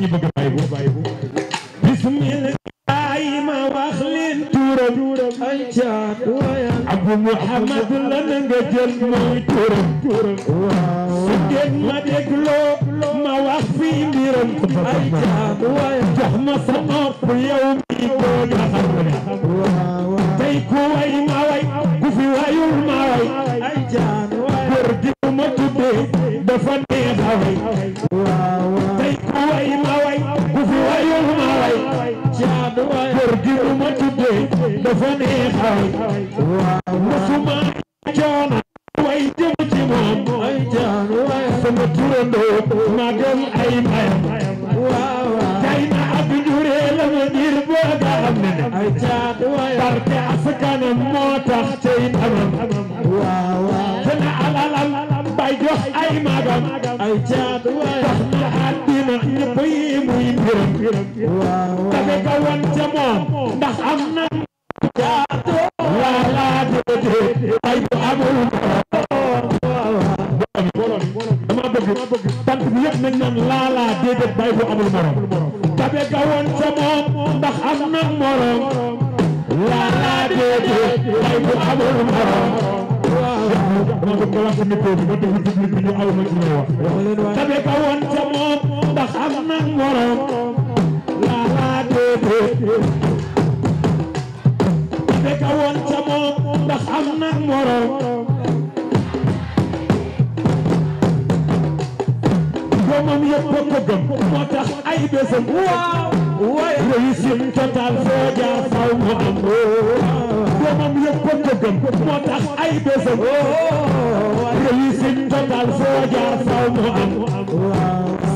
ñu bëgg a bàyyi bu bismillah ma wax leen tuuram ay caat abu muhammad la na nga jël mooy tuuram su dégg ma dégloo ma wax fi mbiram ay caat jox ma sa nopp yow mi ko taxaw tey ku way ma way ku fi wayul ma way ay caat góor gi ma tuddee dafa neex a way dafa neex ay waaw musuma coono way jëm ci moom ay jaan waay sama turandoo ma dem ay mayam waaw tay na ab jure la ma dir boo daa am ne ay jaan waay barke askanam moo tax tey tamam waaw dana alalam bay jox ay magam ay jaan waay tax na àddina ñëpp yi muy mbiram dafa kawan ca moom ndax am ngay def bàyyi bu amul morom tabe ga woon ca moom ndax am na morom laa déedéet bàyyi bu amul morom dama ko wax ci micro bi ba def public bi ñu aw ma ci ñëw wax tabe ga woon ca moom ndax am na morom laa déedéet tabe ga woon ca moom ndax am na morom doomam yëpp ko gëm moo tax ay bésam waaw réussite totale foo jaar faw mu am doomam yëpp ko gëm moo tax ay bésam réussite totale foo jaar faw mu am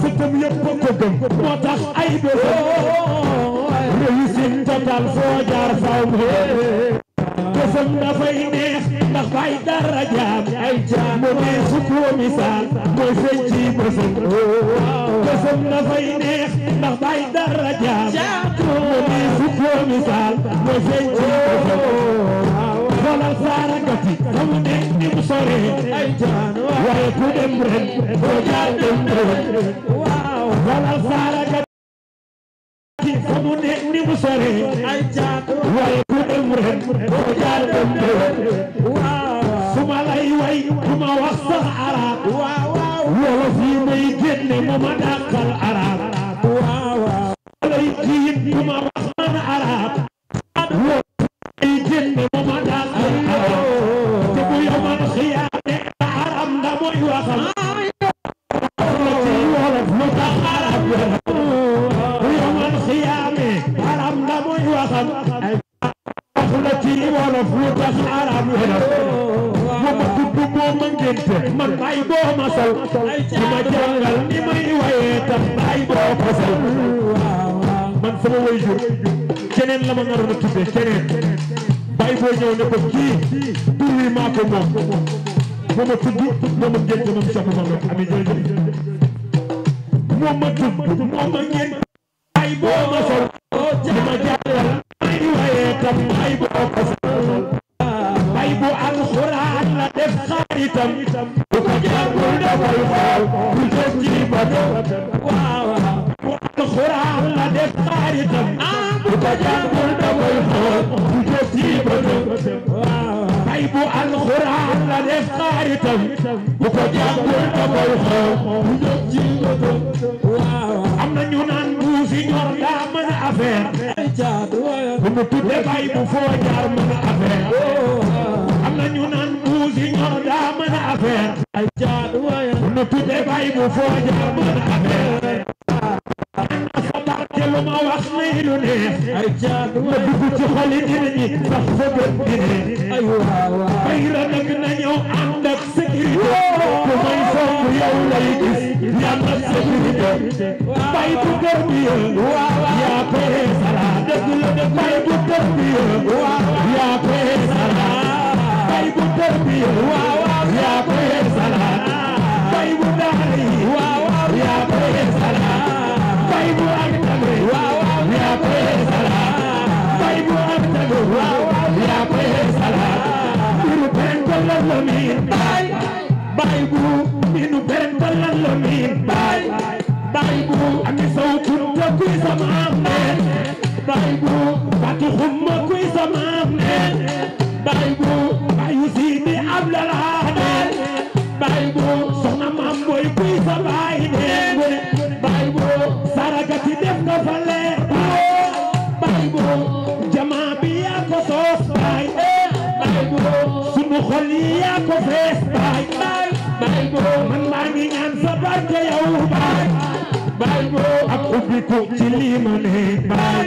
sëtam yëpp ko gëm moo tax ay bésam réussite totale foo jaar faw mu am bésam dafay neex bay dara jaam ay jaam mu ne su ko misaal mooy feeñ ci bësëm bësëm na fay neex ndax bay dara jaam mu ne su ko misaal mooy feeñ ci bësëm xoolal saara gati kamu ne ni mu sore waaye ku dem ren doo jaar dem ren xoolal saara gati kamu ne ni mu sore waaye ku dem ren doo jaar dem ren ne mu ma dàkkal arab waaw waaw lay jiit ku ma wax man arab waaw lay jiit ne mu ma dàkkal arab te bu yomal xiyaane arab nga mooy waxam lu tax arab bu yomal xiyaane arab nga mooy waxam ay wax la ci wolof lu tax arab diggante man baay boo ma sol di ma jàngal ni may waye tam baay boo ko sol man sama waajur keneen la ma naroon a tuddee keneen baay boo ñëw ne ko kii tur wi maa ko moom moo ma tudd moo ma génn moom soxna Mamadou Ami jërëjëf moo ma tudd moo ma génn baay boo ma sol di ma jàngal itam bu ko jàngul dafay xool bu jëf ci batu waaw waaw alxuraan la def xaritam ah, bu ko jàngul dafay xool bu jëf ci batu waaw ay bu alxuraan la def xaritam bu ko jàngul dafay xool bu jëf ci batu waaw am na ñu naan bu si ñor daa mën a affaire bu mu tudde bay bu foo jaar mën a affaire oh. Monsignor daa mën a affaire ay jaadu waay nu tudde bay bu foo jaar mën a affaire ana fa barke lu ma wax nay lu neex ay jaadu waay na dugg ci xoli nit ñi sax fa gën di ne ay waaw waaw bay la nag na ñëw ànd ak sécurité ku may foog yow lay gis yàlla sécurité bay bu kër bi waaw yaa pere sala dëgg la bay bu kër bi waaw yaa pere sala bay bu dër bi waaw yaa koy salaat bu daara waaw yaa koy salaat bu ak waaw yaa koy salaat bu ak waaw waaw yaa koy salaat inu bental la min bay bay bu inu bental la min bay bay bu ami saw kunta kuy sama am neen bu batu xumma kuy sama am bu boo soxna maam booy baay dee baay boo def nga fa baay boo jamaa bi yaa ko soos baay baay boo sunu yaa ko fees baay baay boo man maa ngi sa barke yow baay baay boo ak ubbiku ci lii ma ne baay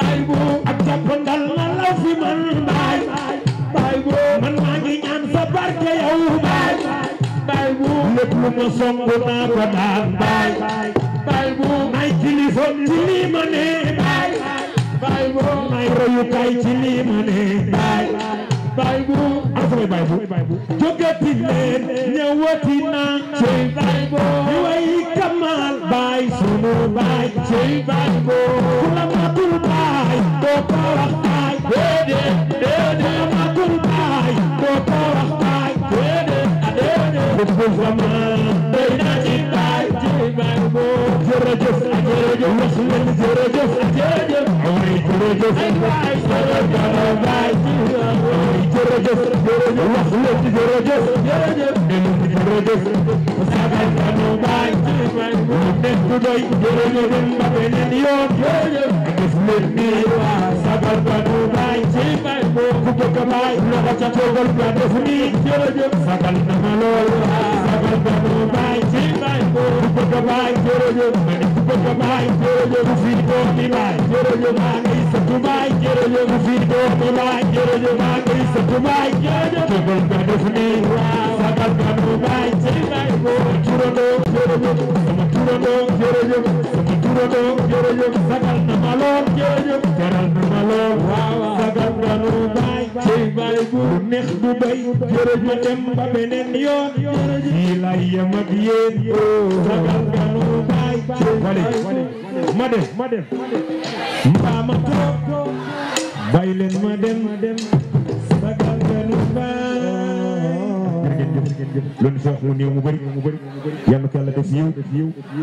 baay boo ak jàppandal na law fi man baay lépp lu ma song naa ko daan baay baay bu may kilifa ci lii ma ne baay bu may royukaay ci lii ma ne baay bu ana baay bu jógati leen ñëwati naa cey baay bu ñu way kamal baay sunu baay cey baay bu ku la matul baay doo ko sagal na ma lool Sagal na ma lool jërëjëf, jaral na ma lool waaw, sagal na nu baay tey bàyyi bu neex du bay jërëjëf dem ba beneen yoon fii lay yem ak yéen oh, oh, oh. sagal ganu baay wale ma dem ma dem mbaa ma toog bàyyi leen ma dem sagal ganu baay jërëjëf jërëjëf loolu sax mu néew mu bëri yàlla ko yàlla def yiw